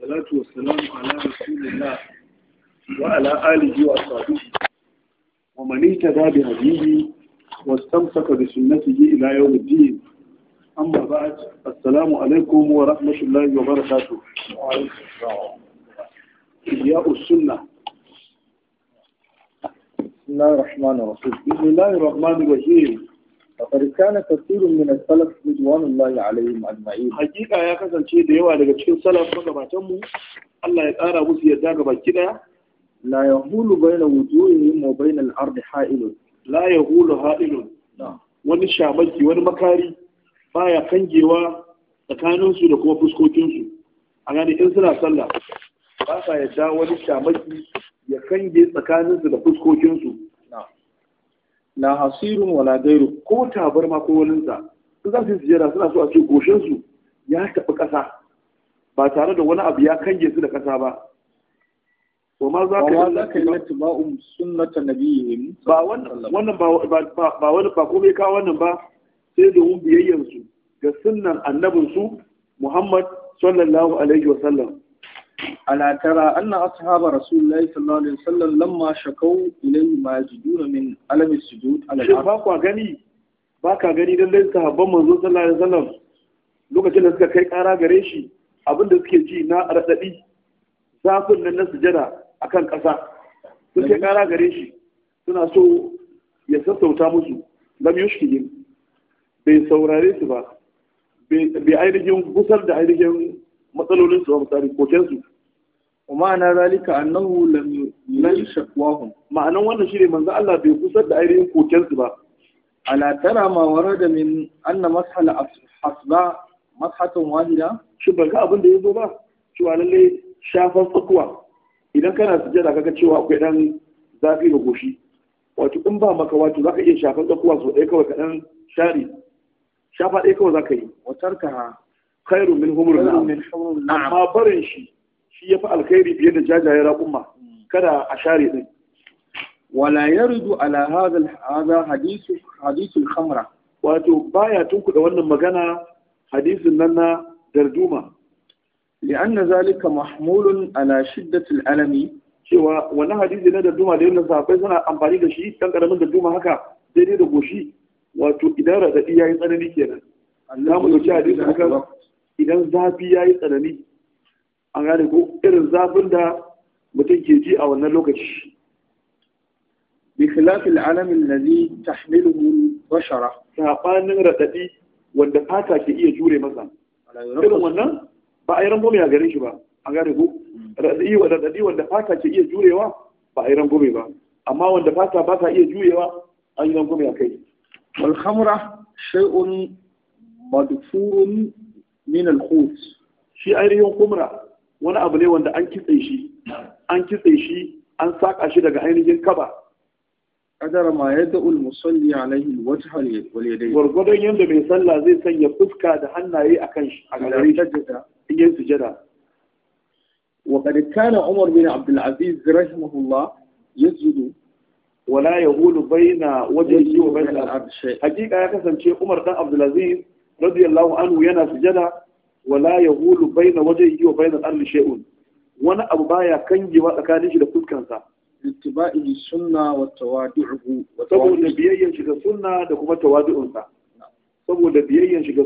salatu wa salamu ala rasulillah wa ala alihi wa sahbihi wa man ihtada bi hadihi wa istamsaka bi sunnatihi ila yawm ad-din amma ba'd alaikum wa rahmatullahi wa barakatuh ya usunna بسم الله الرحمن الرحيم بسم الله الرحمن فقد كان كثير من السلف رضوان الله عليهم اجمعين حقيقه ya kasance da yawa daga cikin salaf magabatan mu Allah ya tsara musu yadda ga baki daya la yahulu baina wujuhihim wa baina al-ard ha'ilun la yahulu ha'ilun wani shamaki wani makari baya kangewa tsakanin su da kuma fuskokin su a gane in suna sallah ba sa yadda wani shamaki ya kange tsakanin su da fuskokin su la hasirun wala gairu ko ma ko walinsa su su yi sujada suna so a ce su ya tafi ƙasa ba tare da wani abu ya kange su da ƙasa ba yi ka yi اتباع سنة nabiyyin ba wannan ba wani ba komai ka wannan ba sai da su ga sunnan annabinsu Muhammad sallallahu alaihi wasallam ألا ترى أن أصحاب رسول الله صلى الله عليه وسلم لما شكوا إليه ما يجدون من ألم السجود على الأرض باكو غني باكا lokacin da suka kai kara gare shi abinda suke ji na raɗaɗi zafin nan na sujada a kan ƙasa sun kai kara gare suna so ya sassauta musu lam yushkihim bai saurare su ba bai ainihin da ainihin matsalolin su misali koken su ma'ana zalika annahu lam yulai ma'anan wannan shine manzo Allah bai kusar da ainihin koken su ba ala tara ma warada min anna mashala hasba mashatan wahida shi ba ga abin da yazo ba wa lalle shafan tsakuwa idan kana sujada kaga cewa akwai dan zafi da goshi wato in ba maka wato zaka iya shafan tsakuwa so ɗaya kawai kaɗan share shafa ɗaya kawai zaka yi wa ka khairu min humrun na'am amma barin shi shi yafi alkhairi biye da jajayen raƙumma kada a share din wala yaridu ala hadha hadha hadithu hadithu wato baya tunkuda wannan magana hadisin nan na darduma li'anna zalika mahmulun ala shiddati alami cewa wannan hadisi na darduma da yadda sahabbai suna amfani da shi dan karamin darduma haka daidai da goshi wato idan radadi yayi tsanani kenan za hadisi idan zafi ya yi tsanani an gane ko irin zafin da mutum ke ji a wannan lokaci بخلاف العالم الذي تحمله البشرة sabanin raɗaɗi wanda fata ke iya jure masa irin wannan ba a yi rango mai a gare shi ba an gane ko Raɗaɗi wanda fata ke iya jurewa ba a yi rango mai ba amma wanda fata ba ta iya jurewa an yi rango mai a kai wal khamra shay'un min al-khut shi ainihin kumra wani abu ne wanda an kitse shi an kitse shi an saka shi daga ainihin kaba kadara ma yadda musalli alaihi wajh wal yadayn gurgudun yanda mai sallah zai sanya fuska da hannaye akan shi a gare shi in yin sujada وقد كان عمر بن عبد العزيز رحمه الله يسجد ولا يهول بين وجهه وبين العرش حقيقه ya kasance Umar dan Abdulaziz radiyallahu anhu yana sujada wala yahulu baina wajhihi yiwa baina al-ardi wani abu baya kangewa tsakanin shi da fuskansa ittiba'i sunna wa tawadu'uhu saboda biyayyan shi ga da kuma tawadu'unsa saboda biyayyan shi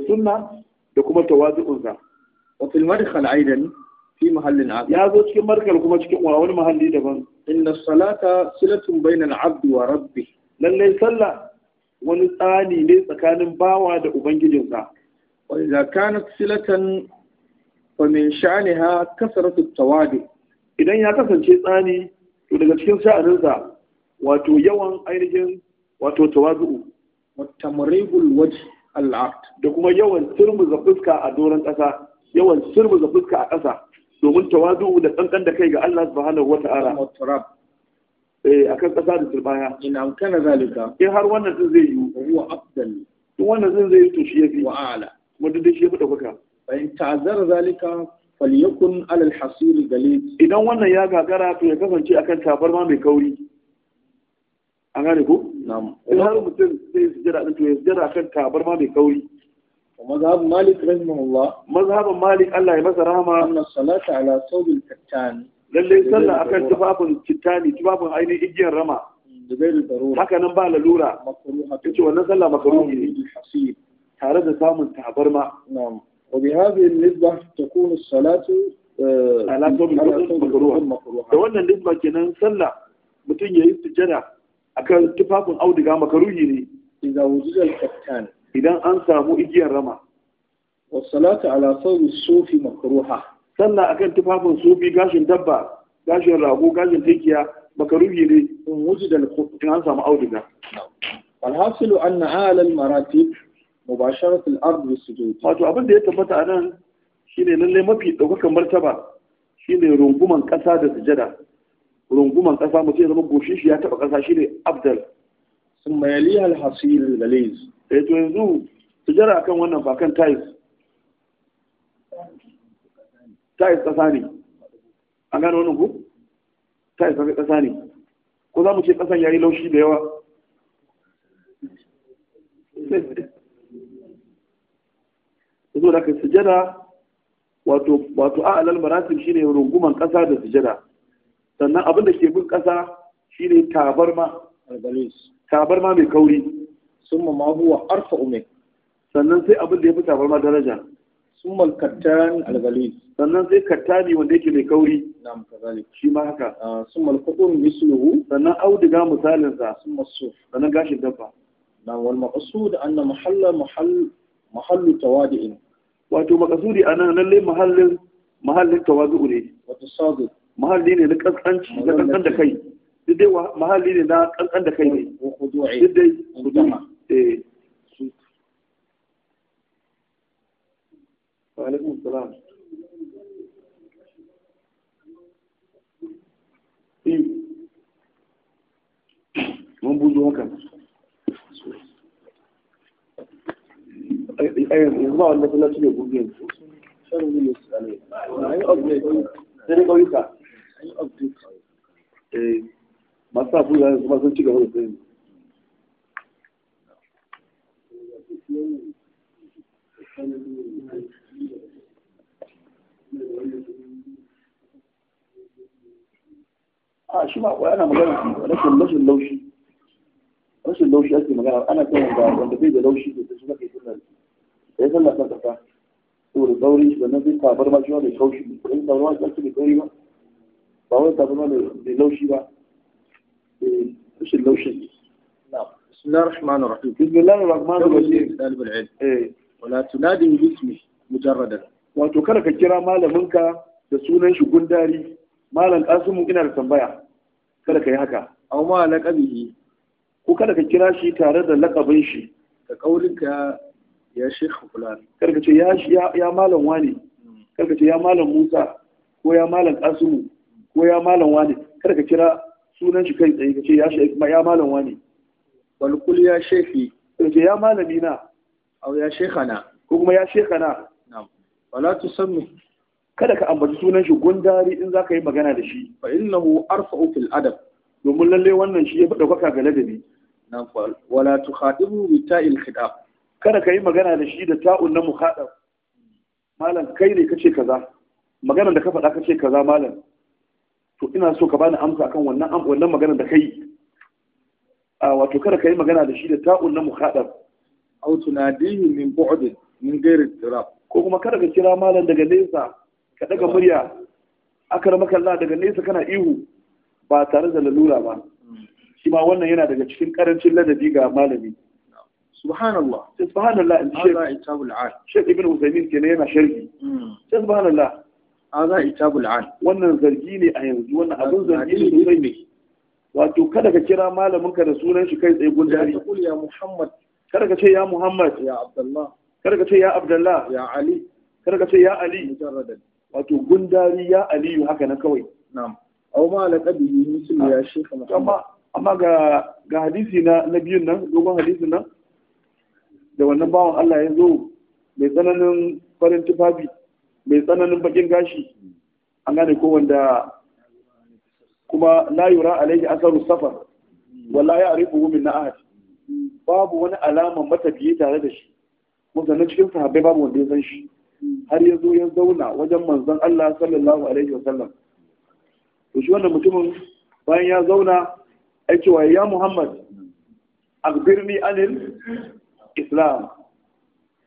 aidan fi mahallin akhar ya zo cikin kuma cikin wani muhalli daban inna salata silatun bainal abdi wa rabbih lallai sallah wani tsani ne tsakanin bawa da ubangijinsa Wani idza silatan fa min ha kasratu tawadu idan ya kasance tsani to daga cikin sha'aninsa wato yawan ainihin wato tawazu'u wa tamrigul wajh Allah. da kuma yawan turmuza fuska a doron ƙasa yawan turmuza fuska a ƙasa domin tawazu'u da ɗanɗan da kai ga Allah subhanahu wata'ala a eh, akan ƙasa da turbaya Ina kana zalika in har wannan sun zai yi wa afdal duk wannan sun zai yi to shi yafi wa ala kuma duk shi yafi daukaka fa in ta'azzara zalika falyakun ala al-hasir galid idan wannan ya gagara to ya kasance akan tabarma mai kauri an gane ko na'am in har mutum zai sujjada din to ya sujjada akan tabarma mai kauri مذهب مالك رحمه الله مذهب مالك الله يبارك رحمه أن الصلاة على ثوب الكتان lalle sallah akan tufafin kitani tufafin ainihin igiyar rama haka nan ba lalura yace wannan sallah makaruhi ne tare da samun tabarma eh, da wannan nisba kenan sallah mutum yayi sujada akan tufafin auduga makaruhi ne idan an samu igiyar rama wa salatu ala sannan akan tufafin sufi gashin dabba gashin rago gashin tekiya makaruhi ne in wuce da in an samu auduga alhasilu anna alal maratib mubasharat al-ard bis-sujud wato abin da ya tabbata a nan shine lalle mafi daukakan martaba shine runguman kasa da sujada runguman kasa mutum ya zama goshin shi ya taba kasa shine abdal sun mayali da lalays eh to yanzu sujada akan wannan ba kan tiles tayis kasa ne an gano wannan ku tayis kasa ne ko za mu ce kasan yayi laushi da yawa zo da ka sujada wato wato a'lal maratib shine runguman kasa da sujada sannan abin da ke bin kasa shine tabarma tabarma mai kauri summa ma huwa arfa'u min sannan sai abin da ya fi tabarma daraja sumal kattan algalis sannan sai kattani wanda yake mai kauri na misali shi ma haka sumal qudun misluhu sannan auduga misalin sa sun masu sannan gashin dabba na wal maqsud anna mahalla mahall mahallu tawadi'in wato maqsudi anan lalle mahallin mahallin tawadi'u ne wato sadu mahalli ne na kankanci na kankan da kai duk dai mahalli ne na kankan da kai ne duk dai kudama eh alaikum salam mun buzo haka yanzu ba wanda kula cire gobe yanzu shan gudu su ne an yi update sai dai eh, masu Thank you. آه شو ما وأنا مغني ليش ليش اللوشي ليش اللوشي أسمع أنا أنا كمان بعد عند بيجي اللوشي بتشوفه كيف يقول إيش الله سبحانه وتعالى تقول دوري شو بنا بيجي كابر ما جوا اللوشي بيجي دوري ما جوا اللوشي بيجي ما بعوض كابر ما اللوشي بقى ليش اللوشي نعم بسم الله الرحمن الرحيم بسم الله الرحمن الرحيم سالب العلم إيه ولا تنادي باسمه مجردا wato kada ka kira malaminka da sunan shi gundari malam kasimu ina da tambaya kada ka yi haka aw ma laqabihi ko kada ka kira shi tare da laqabin shi ka kaulinka ya sheikh fulan kada ka ce ya ya malam wani hmm. kada ka ce ya malam musa ko ya malam kasimu ko ya malam wani kada ka kira sunan shi kai tsaye ka ce ya sheikh ya malam wani bal kul ya sheikhi ka ce ya malami na aw ya sheikhana ko kuma ya sheikhana wala tu tusammi kada ka ambaci sunan shi gundari in zaka yi magana da shi fa innahu arfa'u fil adab domin lalle wannan shi ya fi daukaka ga ladabi nan fa wala tukhadibu bi ta'il khidab kada ka yi magana da shi da ta'un na mukhadab malam kai ne kace kaza maganar da ka faɗa kace kaza malam to ina so ka bani amsa akan wannan wannan maganar da kai a wato kada ka yi magana da shi da ta'un na mukhadab au tunadihi min bu'd min ghairi tirab ko kuma kada ka kira malam daga nesa ka daga murya akar makalla daga nesa kana ihu ba tare da lalura ba shi ma wannan yana daga cikin karancin ladabi ga malami subhanallah sai subhanallah in shek ibn usaimin kenan yana sharhi hmm. sai subhanallah hadha itabul an wannan zargi ne a yanzu wannan abun zargi ne sosai ne wato kada ka kira malamin ka da sunan shi kai tsaye gundari ya muhammad kada ka ce ya muhammad ya abdullah karka ce ya abdallah ya ali karka ce ya ali wato gundari ya aliyu haka na kawai na'am aw ma laqabi muslim ya shekha amma amma ga ga hadisi na na biyun nan dogon hadisin nan da wannan bawan Allah ya zo mai tsananin farin tufafi mai tsananin bakin gashi an gane ko wanda kuma la yura alaihi asaru safar wala ya arifu min ahad babu wani alama matafiye tare da shi sannan cikin sahabbai babu wanda ya san shi har ya zo ya zauna wajen manzon Allah sallallahu alaihi wasallam to shi wannan mutumin bayan ya zauna ai cewa ya Muhammad akbirni anil islam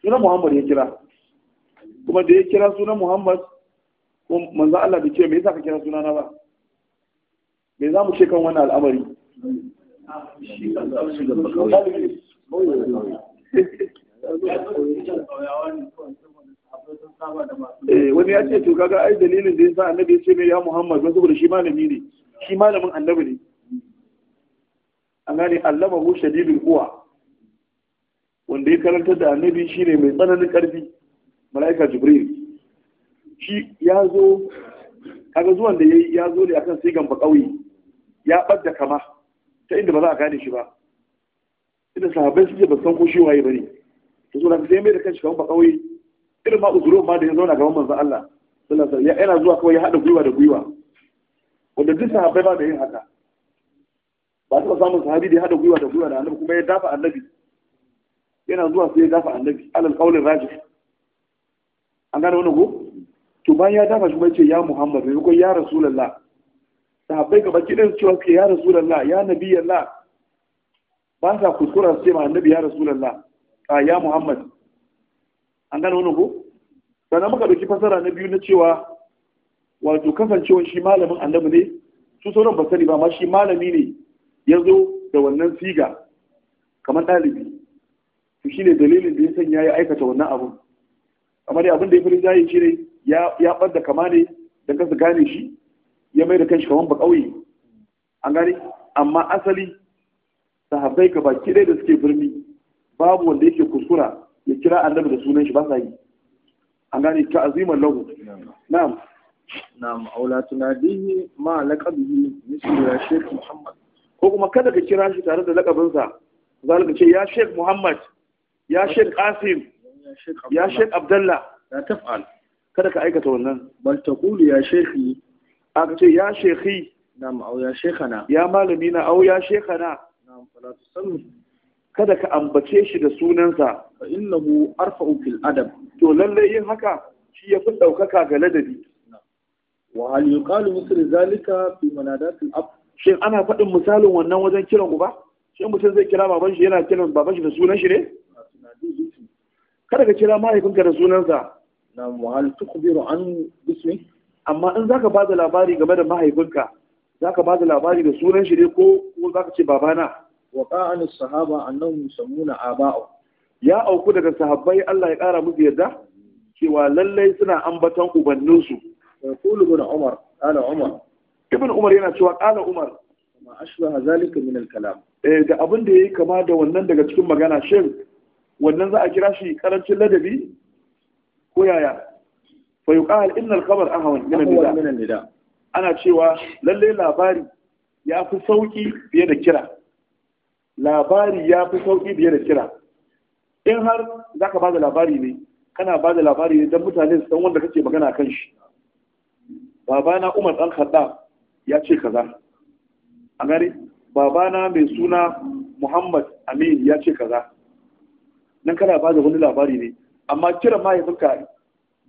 sunan Muhammad ya kira kuma da ya kira sunan Muhammad manzon Allah bai ce me yasa ka kira sunana ba me za mu ce kan wannan al'amari Eh, wani ya ce to ga ai dalilin da ya sa annabi ya ce mai ya Muhammad wasu gudu shi malami ne shi malamin annabi ne an gane hu shadidul quwa wanda ya karanta da annabi shi ne mai tsananin karfi mala'ika jibril shi ya zo kaga zuwan da ya zo ne akan sigan gamba kauye ya ɓadda kama ta inda ba za a gane shi ba inda sahabbai suke ba san ko shi waye bane to zo na sai mai da kan shiga ba wai irin ma uzuro ma da ya zauna gaban manzon Allah sallallahu alaihi yana zuwa kawai ya hada gwiwa da gwiwa wanda duk sahabbai ba da yin haka ba taɓa samun sahabi da ya hada gwiwa da gwiwa da annabi kuma ya dafa annabi yana zuwa sai ya dafa annabi alal qaulin rajih an gane wani ko to bayan ya dafa shi kuma ya ce ya Muhammad ne ko ya Rasulullah sahabbai gaba kidan cewa ke ya Rasulullah ya Nabiyullah ba sa kuskura su ce ma annabi ya Rasulullah a ya muhammad an gane wani ko sannan muka ɗauki fasara na biyu na cewa wato kasancewa shi malamin annabi ne su sauran ba sani ba ma shi malami ne ya zo da wannan siga kamar ɗalibi to shine dalilin da ya sanya ya aikata wannan abu amma dai abin da ya fi rinjaye shi ne ya ɓadda kama ne da kasa gane shi ya mai da kanshi kamar ba ƙauye an gane amma asali sahabbai ka baki ɗaya da suke birni babu wanda yake kuskura ya kira annabi da sunan shi ba sa yi an gane ta'aziman lahu na'am na'am aula tunadihi ma laqabihi misli ya sheikh muhammad ko kuma kada ka kira shi tare da laqabin sa zalika ce ya sheikh muhammad ya sheikh qasim ya sheikh abdullah la taf'al kada ka aikata wannan bal taqulu ya sheikhi aka ce ya sheikhi na'am aw ya sheikhana ya malami na aw ya sheikhana na'am fala tusallu kada ka ambace shi da sunansa fa innahu arfa'u fil adab to lalle yin haka shi yafi daukaka ga ladabi wa hal yuqalu misl zalika fi manadat al ab shin ana fadin misalin wannan wajen kiran uba shin mutum zai kira baban shi yana kiran baban shi da sunan shi ne kada ka kira mahaifinka da sunansa na wa hal tukhbiru an bismi amma in zaka bada labari game da mahaifinka zaka bada labari da sunan shi ne ko ko zaka ce babana wa qa'an sahaba annahum yusammuna aba'u ya auku daga sahabbai Allah ya kara musu yarda? cewa lallai suna ambaton ubanninsu يقول ابن Umar, قال Umar? ابن Umar yana cewa qala umar ma ashbaha zalika min al-kalam eh da abin da yayi kama da wannan daga cikin magana shin wannan za a kira shi karancin ladabi ko yaya fa yuqal inna al-khabar ahwan min an-nida ana cewa lalle labari ya fi sauki fiye da kira labari ya fi sauƙi biye da kira in har za ka ba da labari ne kana ba da labari ne don mutane su san wanda kake magana kan shi babana umar ɗan kaɗa ya ce kaza a gari babana mai suna muhammad amin ya ce kaza nan kana ba da wani labari ne amma kira mahaifinka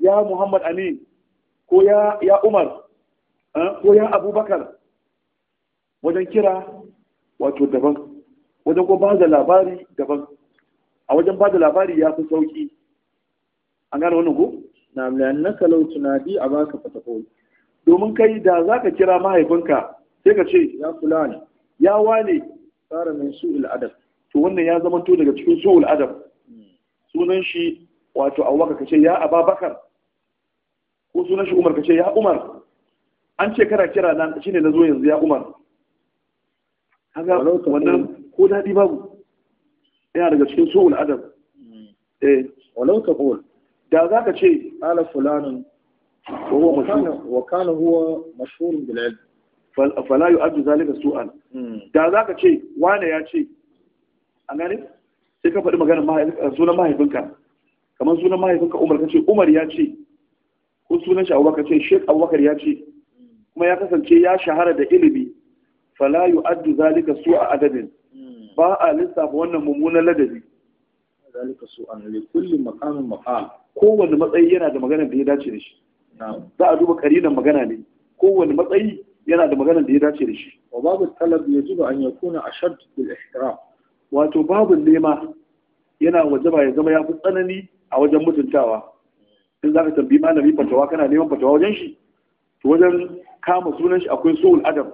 ya muhammad amin ko ya umar eh, ko ya abubakar wajen kira wato daban wajen ko ba da labari daban a wajen ba da labari ya fi sauki an gane wani ko na na kalau tunadi a fata kawai. domin kai da za ka kira mahaifinka sai ka ce ya ne ya wane tsara mai su adab to wannan ya zama to daga cikin su adab hmm. sunan shi wato waka kace ya Ababakar ko sunan shi Umar kace ya Umar an ce kana kira nan shine nazo yanzu ya Umar kaga wannan daɗi babu yana daga cikin su'ul adam hmm. eh walau ta qul da za ka ce ala fulanin wa huwa mashhur wa kana huwa mashhur bil ilm fala yu'addu zalika su'an hmm. da za ka ce wane ya ce an gane sai ka faɗi magana eh, sunan mahaifinka kamar sunan mahaifinka umar ka ce umar ya ce ko sunan shi abubakar ce shek abubakar ya ce hmm. kuma ya kasance ya shahara da ilimi fala yu'addu zalika su'a adadin ba a lissafa wannan mummunan ladabi zalika su an li kulli maqamin maqal kowanne matsayi yana da magana da ya dace da shi za a duba karinan magana ne kowanne matsayi yana da magana da ya dace da shi wa babu talab yajibu an yakuna ashad bil ihtiram wato babu nema yana wajaba ya zama ya fi tsanani a wajen mutuntawa in za ka tambayi malami fatawa kana neman fatawa wajen shi to wajen kama sunan shi akwai su'ul adam.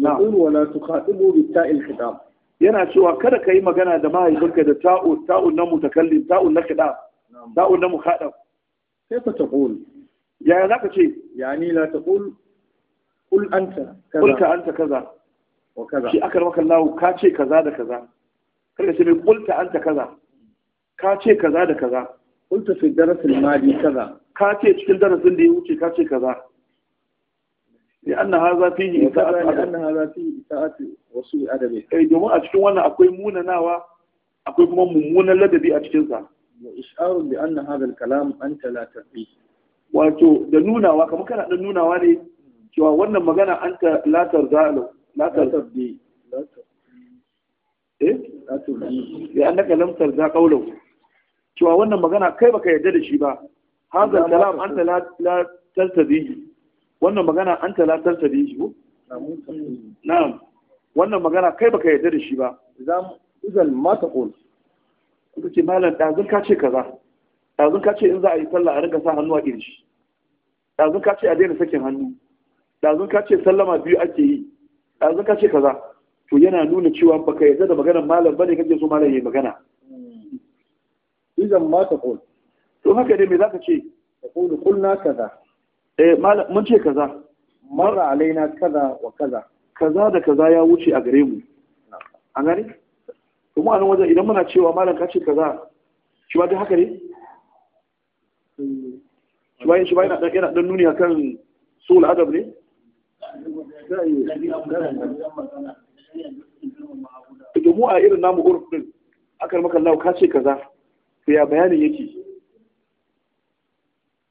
na'ul wala tuqatibu bi ta'il kiɗa. yana cewa kada ka yi magana da mahaifinka da ta'ul ta'ul na mutakallim ta'ul na khitab ta'ul na mukhadab sai ka taqul yaya za ka ce yani la taqul qul anta kaza qul anta kaza wa kaza shi akar maka Allah ka ce kaza da kaza kada ce mai qulta anta kaza ka ce kaza da kaza qulta fi darasil madi kaza ka ce cikin darasin da ya wuce ka ce kaza لأن هذا فيه إساءة لأن هذا فيه إساءة وسوء أدب أي cikin wannan akwai munanawa akwai kuma mummunan ladabi a cikin sa وإشعار بأن هذا الكلام أنت لا تفيه wato da nunawa kamar kana dan nunawa ne cewa wannan magana an ta latar zalo latar cewa wannan magana kai baka yarda da shi ba hadha kalam anta la la tartadihi wannan magana an talatar ta da shi ko na'am wannan magana kai baka yarda da shi ba idan ma ta ko kuka ce malam dazun ka ce kaza dazun ka ce in za a yi sallah a rinka sa hannu a kirji dazun ka ce a daina sakin hannu dazun ka ce sallama biyu ake yi dazun ka ce kaza to yana nuna cewa baka yarda da maganar malam bane kake so malam yayi magana idan ma ta qul to haka dai me zaka ce Ka qulu qulna kaza Eh, mun ce kaza Mara alaina kaza wa kaza kaza da kaza ya wuce a gare mu an gani to a wajen idan muna cewa malam ka ce kaza shi ba haka ne shi ba shi ba yana dan yana dan nuni akan adab ne to mu a irin namu urfin akan maka ka ce kaza ya bayanin yake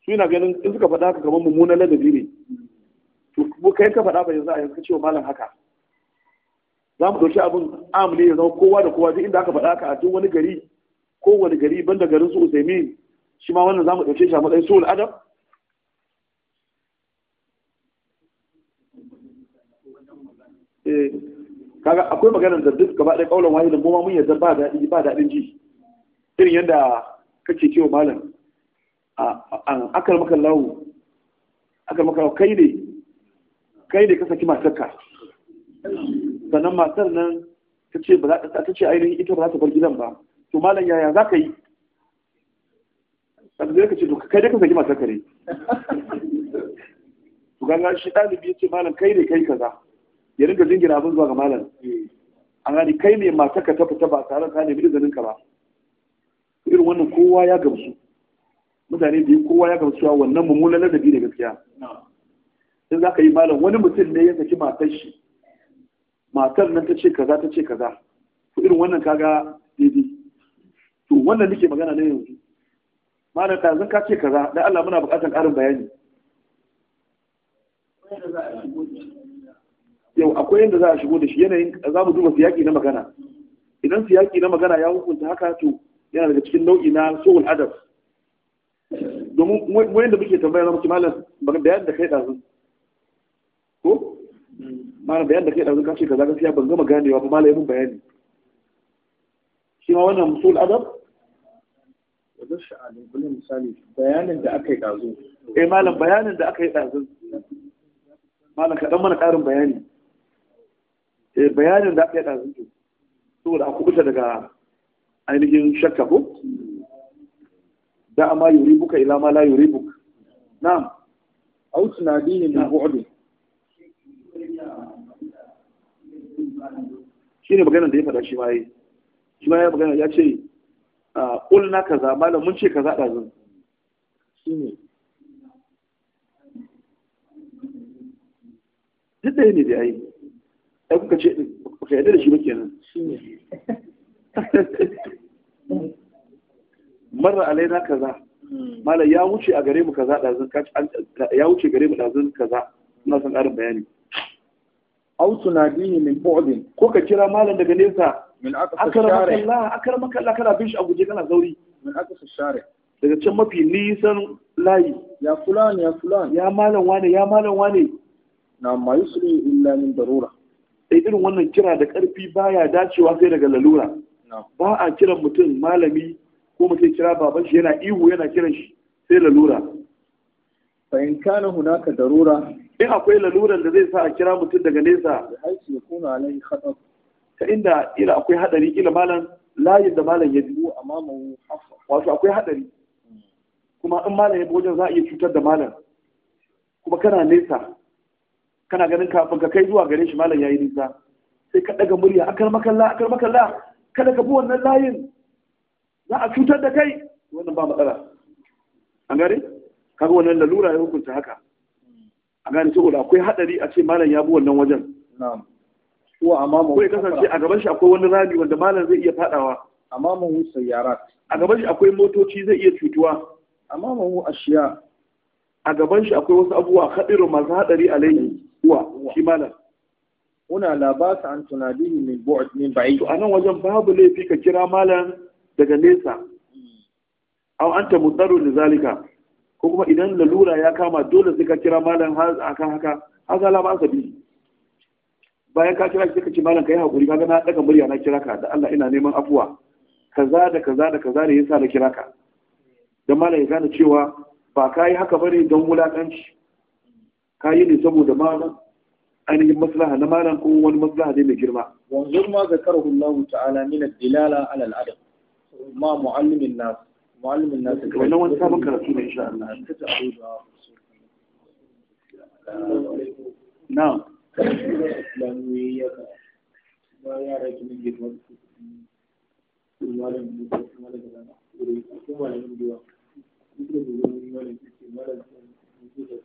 su yana ganin in suka faɗa haka kamar mummunan ladabi ne to kai ka faɗa ba yanzu a yanzu ka ce wa malam haka za mu ɗauki abin amule ya zama kowa da kowa duk inda aka faɗa haka a duk wani gari kowane gari da garin su usaimi shi ma wannan za mu ɗauke shi a matsayin su'ul adam eh, kaga akwai maganar da duk gaba ɗaya ƙaunar wahidin mu mun yarda ba daɗi ba daɗin ji irin yadda kake wa malam an akar maka lawo akar maka lawo kai ne kai ne ka saki matarka sannan matar nan ta ce ba za ta ce ainihin ita ba za ta bar gidan ba to malam yaya za ka yi abu zai ka ce to kai ne ka saki ka ne to ganga shi ɗalibi ya ce malam kai ne kai kaza ya rinka jingina abin zuwa ga malam an gani kai ne matarka ta fita ba tare ka nemi izinin ka ba irin wannan kowa ya gamsu mutane biyu kowa ya gamsu cewa wannan mummunan ladabi da gaskiya sai za ka yi malam wani mutum ne ya saki matar shi matar nan ta ce kaza ta ce kaza to irin wannan kaga daidai to wannan nake magana na yanzu malam ka zan ka ce kaza dan Allah muna buƙatar ƙarin bayani yau akwai yadda za a shigo da shi yanayin za mu duba siyaki na magana idan siyaki na magana ya hukunta haka to yana daga cikin nau'i na su'ul adab domin da muke tambaya zama mu bayan da kai ɗazun ko mana bayan da kai ɗazun ka ce kaza ban gama ganewa ba malam bayani shi ma wannan musul adab wajen sha'ani kuma misali bayanin da aka yi ɗazun eh malam bayanin da aka yi ɗazun malam ɗan mana ƙarin bayani eh bayanin da aka yi ɗazun to saboda a kubuta daga ainihin shakka ko da ma yuribuka ila ma la yuribuk na'am aw tunadini min bu'd shine magana da ya faɗa shi mai yi shi mai ya magana ya ce ƙul na kaza malam mun ce kaza da zan ne duk ɗaya ne da ya ai kuka ce ka yadda da shi ba kenan shine marra alaina kaza hmm. mala ya wuce a gare mu kaza dazun ya wuce gare mu dazun kaza ina son ƙarin bayani na tunadihi min bu'din ko ka kira malam daga nesa min akramaka Allah akramaka Allah kana bin shi a guje kana zauri min akasa share daga can mafi nisan layi ya fulan ya fulan ya malam wane ya malam wane na ma yusri illa min darura sai irin wannan kira da karfi baya dacewa sai daga lalura ba a kiran mutum malami ko mutum kira baban shi yana ihu yana kiran shi sai lalura fa in kana hunaka darura in akwai laluran da zai sa a kira mutum daga nesa aiki ya kuna alai khatar ta inda ila akwai hadari ila malam layin da malam ya dubo amamahu hafa wato akwai hadari kuma in malam ya bi wajen za a iya cutar da malam kuma kana nesa kana ganin kafin ka kai zuwa gare shi malam yayi nisa sai ka daga murya akar makalla akar makalla kada ka bi wannan layin za a cutar da kai wannan ba matsala an gane kaga wannan lalura ya hukunta haka A gane saboda akwai hadari a ce malam ya bi wannan wajen na'am a amamu ko ya kasance a gaban shi akwai wani rami wanda malam zai iya fadawa amamu sayyara a gaban shi akwai motoci zai iya cutuwa amamu ashiya a gaban shi akwai wasu abubuwa kadiru masu hadari alaihi wa shi malam una labasa an tunadi min bu'd min ba'id to anan wajen babu laifi ka kira malam daga nesa an anta mudarru ne zalika ko kuma idan lalura ya kama dole sai ka kira malam akan haka haka la ba sabi bayan ka kira shi ka ce malam kai hakuri kaga na daga murya na kira ka da Allah ina neman afuwa kaza da kaza da kaza ne yasa na kira ka dan malam ya gane cewa ba ka yi haka bane don wulakanci ka yi ne saboda malam ainihin maslaha na malam ko wani maslaha ne mai girma wanzu ma zakarhu Allah ta'ala min ad-dilala ala al-adab ما معلم الناس معلم الناس لو انت بكره في ان شاء الله نعم لا يا رجل من جد ولا ولا ولا ولا ولا ولا ولا ولا ولا ولا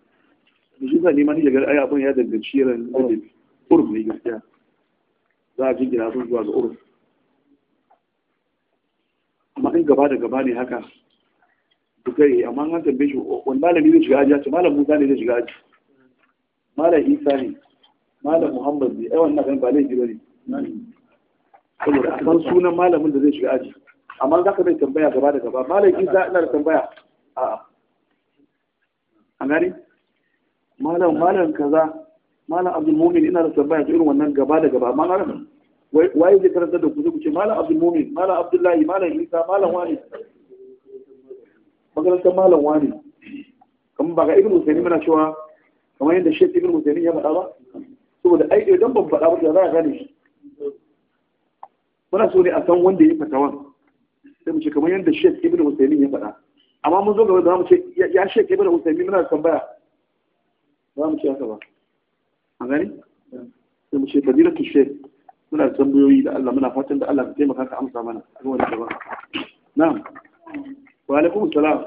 bizu zani mani daga ayi abun ya danganci yaran gudu urbi gaskiya za a jingira sun zuwa ga urbi abin gaba da gaba ne haka duka yi amma an tambaye shi wani malami zai shiga aji ce malam musa ne zai shiga aji malam isa ne malam muhammad ne ai wannan kan ba laifi ba ne saboda a san sunan malamin da zai shiga aji amma za ka mai tambaya gaba da gaba malam isa ina da tambaya a'a an gani malam malam kaza malam abdul mumin ina da tambaya irin wannan gaba da gaba amma waye zai karanta da ku zai kuce malam abdul mumin malam abdullahi malam isa malam wani makarantar malam wani kamar ba ga ibn husaini mana cewa kamar yadda shek ibn husaini ya faɗa ba saboda ai idan ban faɗa ba za a gane shi muna so ne a san wanda ya fatawan sai mu ce kamar yadda shek ibn husaini ya faɗa amma mun zo gaba da mu ce ya shek ibn husaini muna tambaya za mu ce haka ba an gani sai mu ce fadilatu shek suna tambayoyi da Allah muna fatan da Allah ka taimaka ka amsa mana a wannan gaba na'am wa alaikum salam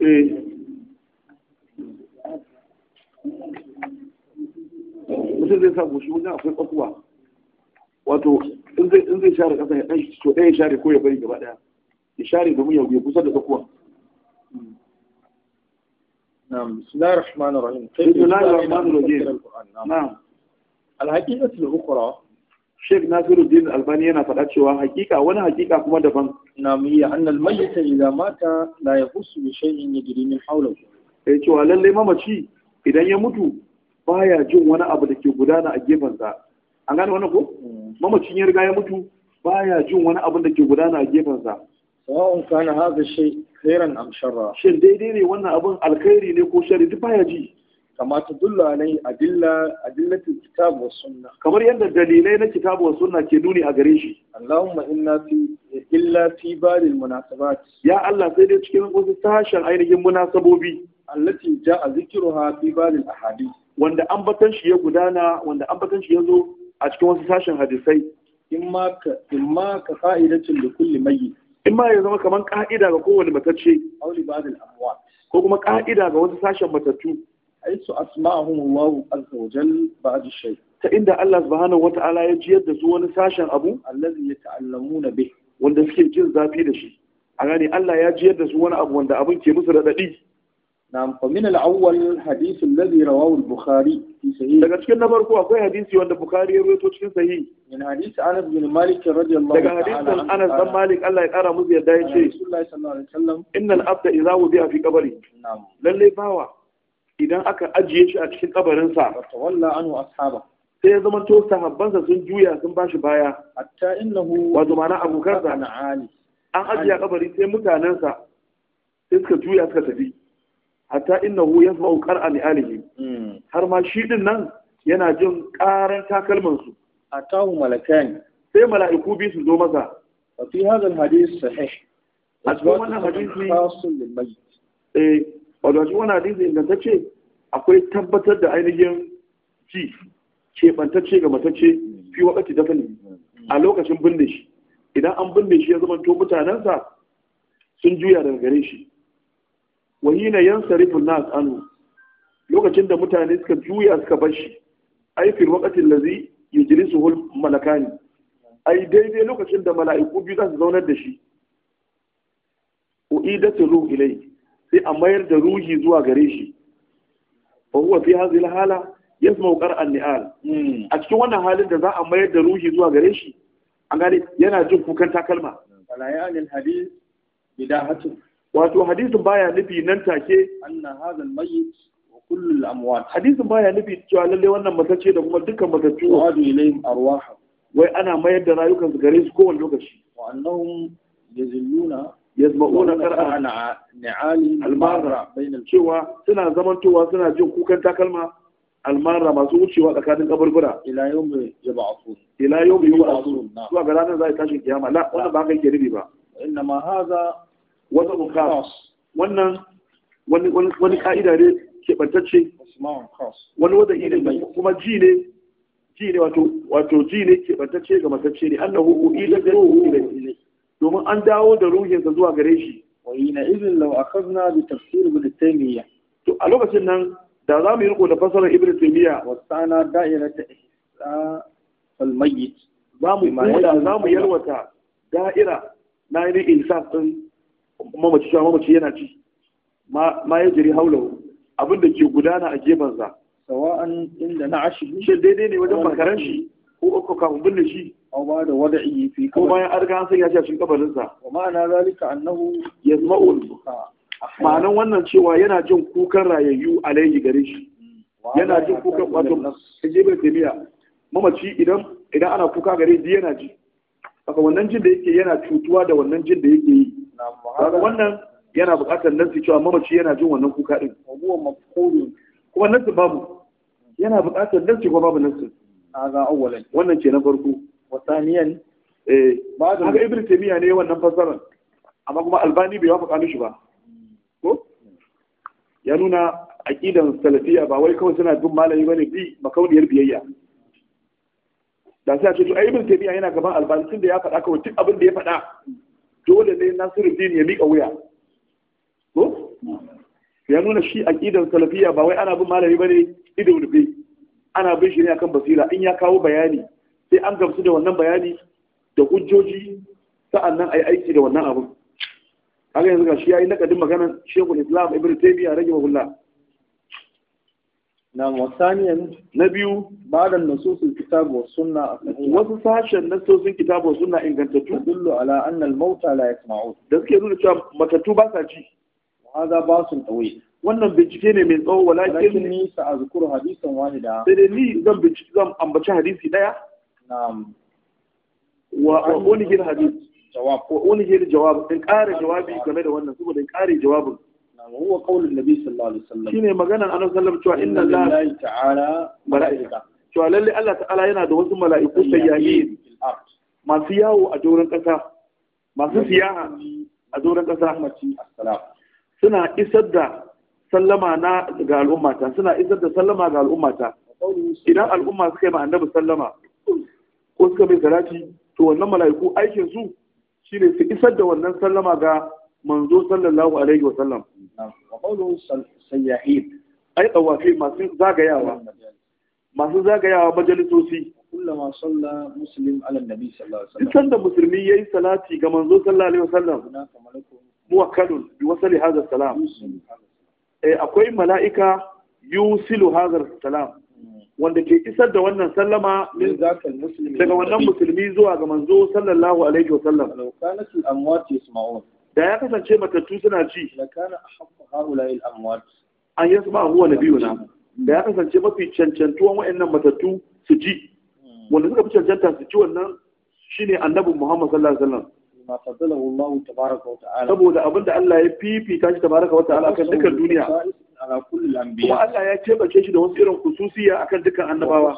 eh mutum zai sa goshi wajen akwai kwakuwa wato in zai share ƙasa ya ɗan shi, to ɗaya share ko ya bari gaba ɗaya ya share domin ya kusa da kwakuwa نعم بسم الله الرحمن الرحيم بسم الله الرحمن الرحيم نعم الحقيقة الأخرى Sheikh Nasiruddin Albani yana faɗa cewa hakika wani hakika kuma daban. Na mu yi annal mayyita idan mata la ya husu bi shay'in yajri min hawlahu. Sai cewa lalle mamaci idan ya mutu baya jin wani abu da ke gudana a gefensa. An gane wani ko? Mm. Mamacin ya riga ya mutu baya jin wani abu da ke gudana a gefensa. sawa'un kana hadha shay khairan am sharra shin daidai ne wannan abin alkhairi ne ko shari duk baya ji kama ta dulla alai adilla adillatul kitab was sunna kamar yadda dalilai na kitab was sunna ke nuni a gare shi Allahumma inna fi illa fi balil munasabat ya Allah sai dai cikin wasu sashen ainihin munasabobi allati ja'a zikruha fi balil ahadith wanda ambatan shi ya gudana wanda ambatan shi ya zo a cikin wasu sashen hadisai in ma ka in ma ka fa'idatin li kulli mayyit in ma ya zama kamar ka'ida ga kowane matacce ko kuma ka'ida ga wasu sashen matattu aisu asma'ahum Allah azza wa jal ba'd shay ta inda Allah subhanahu wa ta'ala ya jiyar da su wani sashen abu allazi yata'allamuna bih wanda suke jin zafi da shi a gane Allah ya jiyar da su wani abu wanda abin ke musu radadi نعم فمن الأول حديث الذي رواه البخاري daga cikin na farko akwai hadisi wanda Bukhari ya rawaito cikin sahihi daga hadisin Anas bin Malik Allah ya kara musu yadda yace Rasulullahi abda idza wudi'a fi qabri lalle bawa idan aka ajiye shi a cikin kabarin sa sai ya zama to sahabbansa sun juya sun bashi baya hatta innahu wato abokansa an ajiye kabari sai mutanensa sai suka juya suka tafi hatta innahu yasma'u qar'a alihi hmm. har ma shi din nan yana jin karan takalman su atahu malakan sai mala'iku bi su zo masa fa fi hadha al-hadith sahih asbab al-hadith khasun lil-mayyit eh wato shi wannan hadisi ingantacce akwai tabbatar da ainihin ji keɓantacce ga matacce fi wakati dafani hmm. a lokacin binne shi idan an binne shi ya zama to mutanensa sun juya daga gare shi na yan sarifin nas anu. lokacin da mutane suka juya suka bar shi jiri su hul malaka ne a ai daidai lokacin da mala'iku biyu za su zaunar da shi uidatu ruhi ilai sai a mayar da ruhi zuwa gare shi fa huwa fi hadhihi alhala yasma'u qara'an ni'al hmm. a cikin wannan halin da za a mayar da ruhi zuwa gare shi an gane yana jin kukan takalma falayani alhadith bidahatu wato hadisin baya nufi nan take anna hadha mayyit wa kullu amwat hadisin baya nufi cewa lalle wannan matacce da kuma dukkan matattu wa ilayhim wai ana mayar da rayukan su gare su kowane lokaci wa annahum yazilluna yazma'una qar'a ni'ali al bainal cewa suna zamantowa suna jin kukan takalma almara masu wucewa tsakanin kaburbura ila yau mai yab'athun ila yau mai zuwa ga ranar za a tashi kiyama la wannan ba ka yi ba inna ma wata wannan wani wani ka'ida ne keɓantacce wani wata ne kuma ji ne ji ne wato wato ji ne keɓantacce ga matacce ne annahu uida da ruhu domin an dawo da ruhinsa zuwa gare shi wa ina idin law akhadna bi tafsir ibn taymiya to a lokacin nan da za mu yi riko da fasarar ibn taymiya wa sana da'irata ihsa al mayyit za mu za mu yalwata da'ira na yin insaf din mamaci shi mamaci yana ci ma ya jiri haulahu abin da ke gudana a gefansa sawa'an inda na ashi. shi daidai ne wajen makaran shi ko uku kafin binne shi aw ba da wada'i fi ko bayan an riga an sanya shi a cikin kabarin sa wa ma'ana zalika annahu yasma'u ma'anan wannan cewa yana jin kukan rayayyu alayhi gare shi yana jin kukan wato jibin tabiya mamaci idan idan ana kuka gare shi yana ji saka wannan jin da yake yana cutuwa da wannan jin da yake yi kaga wannan yana buƙatar nasi cewa mamaci yana jin wannan kuka din kuma nasi babu yana buƙatar nasi kuma babu nasi kaga awwalan wannan ce na farko wasaniyan eh ba da ibn taymiya ne wannan fasaran amma kuma albani bai wafaka shi ba ko ya nuna aqidan salafiya ba wai kawai suna bin malami bane bi makauniyar biyayya da sai a ce to ibn taymiya yana gaban albani tunda ya faɗa kawai duk abin da ya faɗa dole ne Nasiru din ya mika wuya ko ya nuna shi aqidar salafiya ba wai ana bin malami bane ido rufe ana bin shi ne akan basira in ya kawo bayani sai an gamsu da wannan bayani da hujjoji sa'annan ai aiki da wannan abu kaga yanzu ga shi yayi nakadin maganar Sheikhul Islam Ibn taymiya rahimahullah na wasaniyan na biyu ba da nasosin kitab wa sunna a wasu sashen nasosin kitab wa sunna ingantattu dullu ala annal mauta la yasma'u da suke nuna cewa matattu ba sa ci wa hada ba sun tawai wannan bincike ne mai tsawo wala walakin ni sa azkuru hadisan wahida sai dai ni zan bincike zan ambaci hadisi daya na'am wa wani hil hadis jawab wa wani hil jawab in ƙara jawabi game da wannan saboda in ƙare jawabin shine maganar annabi sallallahu cewa inna lillahi ta'ala mala'ika cewa lalle Allah ta'ala yana da wasu mala'iku sayyahin masu yawo a doron kasa masu siyaha a doron kasa suna isar da sallama na ga al'ummata suna isar da sallama ga al'ummata idan al'umma suka yi ma annabi sallama ko suka mai salati to wannan mala'iku aikin su shine su isar da wannan sallama ga manzo sallallahu alaihi wa sallam wa qawlu sayyahin ai tawafi masu zagayawa masu zagayawa majalisoci kullama salla muslim ala nabi sallallahu alaihi wasallam sanda musulmi yayi salati ga manzo sallallahu alaihi wasallam muwakkalun bi wasali hadha salam eh akwai mala'ika yusilu hadha salam hmm. wanda ke isar da wannan sallama daga wannan musulmi zuwa ga manzo sallallahu alaihi wa Sallam. da ya kasance matattu suna ci An yi haula'il huwa na biyu na da ya kasance mafi cancantuwan wayannan matattu su ji hmm. wanda suka fi cancanta su ci wannan shine annabin Muhammad sallallahu alaihi wasallam ma saboda abinda Allah ya fifita shi tabaraka wa ta'ala akan dukkan duniya kuma Allah ya kebance shi da wasu irin kususiya akan dukkan annabawa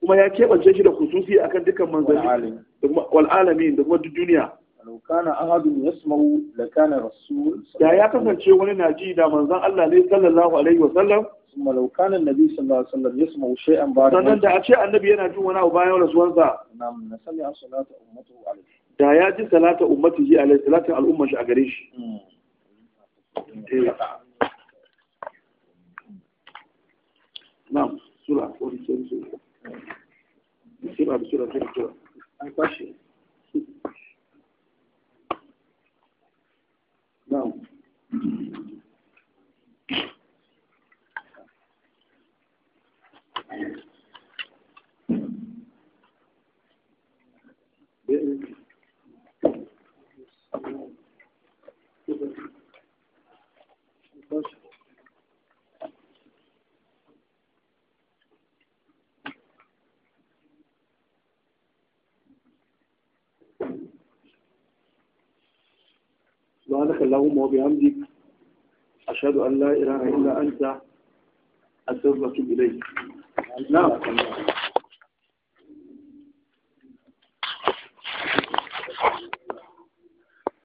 kuma ya kebance shi da kususiya akan dukkan manzanni da kuma alamin da kuma duk duniya lau kana ahadun yasma'u la kana rasul da ya kasance wani na ji da manzon Allah ne sallallahu alaihi wa sallam kuma lau kana annabi sallallahu alaihi wa sallam yasma'u shay'an sannan da a ce annabi yana jin wani abu bayan rasuwarsa nam na da ya ji salata ummatihi alaihi salatin al'ummar shi a gare shi Não. Beleza. Então, subhanaka allahumma wa bihamdik ashhadu an la ilaha illa